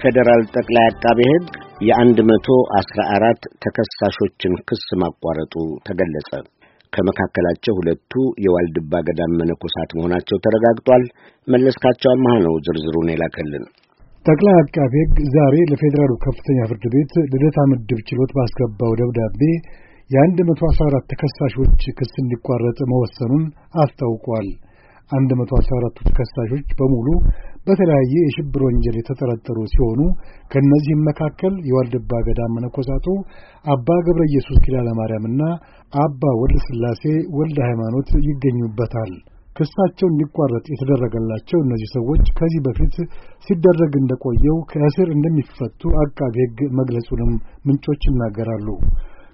ፌዴራል ጠቅላይ አቃቤ ሕግ የአንድ መቶ አስራ አራት ተከሳሾችን ክስ ማቋረጡ ተገለጸ። ከመካከላቸው ሁለቱ የዋልድባ ገዳም መነኮሳት መሆናቸው ተረጋግጧል። መለስካቸው አማህ ነው ዝርዝሩን የላከልን። ጠቅላይ አቃቤ ሕግ ዛሬ ለፌዴራሉ ከፍተኛ ፍርድ ቤት ልደታ ምድብ ችሎት ባስገባው ደብዳቤ የአንድ መቶ አስራ አራት ተከሳሾች ክስ እንዲቋረጥ መወሰኑን አስታውቋል። 114ቱ ተከሳሾች በሙሉ በተለያየ የሽብር ወንጀል የተጠረጠሩ ሲሆኑ ከእነዚህም መካከል የዋልድባ ገዳም መነኮሳቱ አባ ገብረ ኢየሱስ ኪዳለ ማርያምና አባ ወልደ ሥላሴ ወልደ ሃይማኖት ይገኙበታል። ክሳቸው እንዲቋረጥ የተደረገላቸው እነዚህ ሰዎች ከዚህ በፊት ሲደረግ እንደቆየው ከእስር እንደሚፈቱ አቃቤግ ሕግ መግለጹንም ምንጮች ይናገራሉ።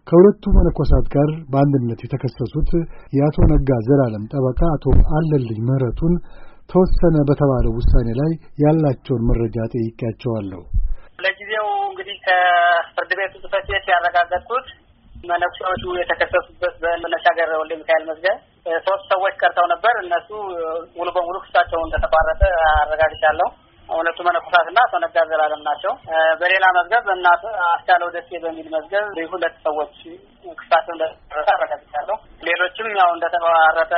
ከሁለቱ መነኮሳት ጋር በአንድነት የተከሰሱት የአቶ ነጋ ዘላለም ጠበቃ አቶ አለልኝ ምህረቱን ተወሰነ በተባለው ውሳኔ ላይ ያላቸውን መረጃ ጠይቄያቸዋለሁ። ለጊዜው እንግዲህ ከፍርድ ቤቱ ጽሕፈት ቤት ያረጋገጥኩት መነኩሴዎቹ የተከሰሱበት ገር ወልደ ሚካኤል መዝገብ ሶስት ሰዎች ቀርተው ነበር። እነሱ ሙሉ በሙሉ ክሳቸውን እንደተቋረጠ አረጋግጫለሁ። እውነቱ መነኮሳትና አቶ ነጋ ዘላለም ናቸው። በሌላ መዝገብ እና አስቻለው ደሴ በሚል መዝገብ ሁለት ሰዎች ክሳቸው እንደተመሰረተ አረጋግጫለሁ። ሌሎችም ያው እንደተቋረጠ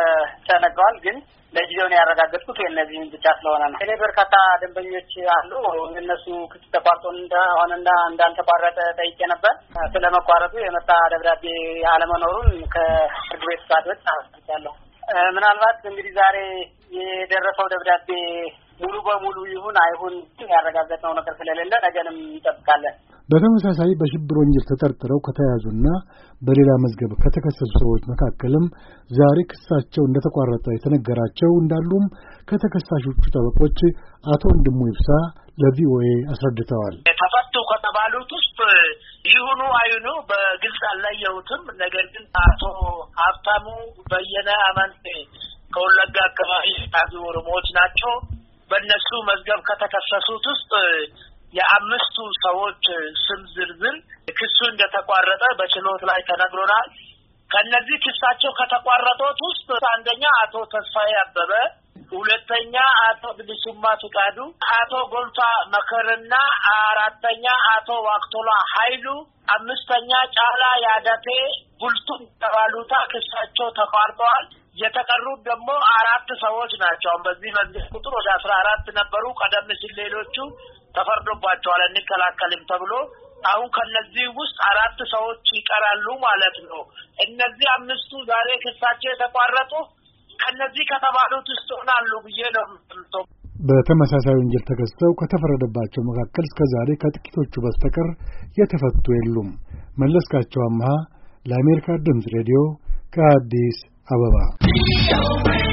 ተነግረዋል ግን ለጊዜውን ያረጋገጥኩት የእነዚህን ብቻ ስለሆነ ነው። እኔ በርካታ ደንበኞች አሉ። እነሱ ክስ ተቋርጦ እንደሆነ እንደሆነና እንዳልተቋረጠ ጠይቄ ነበር። ስለ መቋረጡ የመጣ ደብዳቤ አለመኖሩን ከፍርድ ቤት ሳዶች አስቻለሁ። ምናልባት እንግዲህ ዛሬ የደረሰው ደብዳቤ ሙሉ በሙሉ ይሁን አይሁን ያረጋገጥነው ነገር ስለሌለ ነገንም እንጠብቃለን። በተመሳሳይ በሽብር ወንጀል ተጠርጥረው ከተያዙና በሌላ መዝገብ ከተከሰሱ ሰዎች መካከልም ዛሬ ክሳቸው እንደተቋረጠ የተነገራቸው እንዳሉም ከተከሳሾቹ ጠበቆች አቶ ወንድሙ ይብሳ ለቪኦኤ አስረድተዋል። ተፈቱ ከተባሉት ውስጥ ይሁኑ አይኑ በግልጽ አላየሁትም። ነገር ግን አቶ ሀብታሙ በየነ አመንቴ ከወለጋ አካባቢ ታዙ ኦሮሞዎች ናቸው። በእነሱ መዝገብ ከተከሰሱት ውስጥ የአምስቱ ሰዎች ስም ዝርዝር ክሱ እንደተቋረጠ በችሎት ላይ ተነግሮናል። ከእነዚህ ክሳቸው ከተቋረጡት ውስጥ አንደኛ አቶ ተስፋዬ አበበ፣ ሁለተኛ አቶ ብልሱማ ፍቃዱ፣ አቶ ጎልታ መከርና አራተኛ አቶ ዋክቶላ ሀይሉ አምስተኛ ጫላ ያደቴ ቡልቱም ተባሉታ ክሳቸው ተቋርጠዋል። የተቀሩት ደግሞ አራት ሰዎች ናቸው። አሁን በዚህ በዚህ ቁጥር ወደ አስራ አራት ነበሩ። ቀደም ሲል ሌሎቹ ተፈርዶባቸዋል እንከላከልም ተብሎ አሁን ከነዚህ ውስጥ አራት ሰዎች ይቀራሉ ማለት ነው። እነዚህ አምስቱ ዛሬ ክሳቸው የተቋረጡ ከነዚህ ከተባሉት ውስጥ ሆናሉ ብዬ ነው የምትምተው። በተመሳሳይ ወንጀል ተከሰው ከተፈረደባቸው መካከል እስከ ዛሬ ከጥቂቶቹ በስተቀር የተፈቱ የሉም። መለስካቸው አምሃ ለአሜሪካ ድምፅ ሬዲዮ ከአዲስ አበባ 你要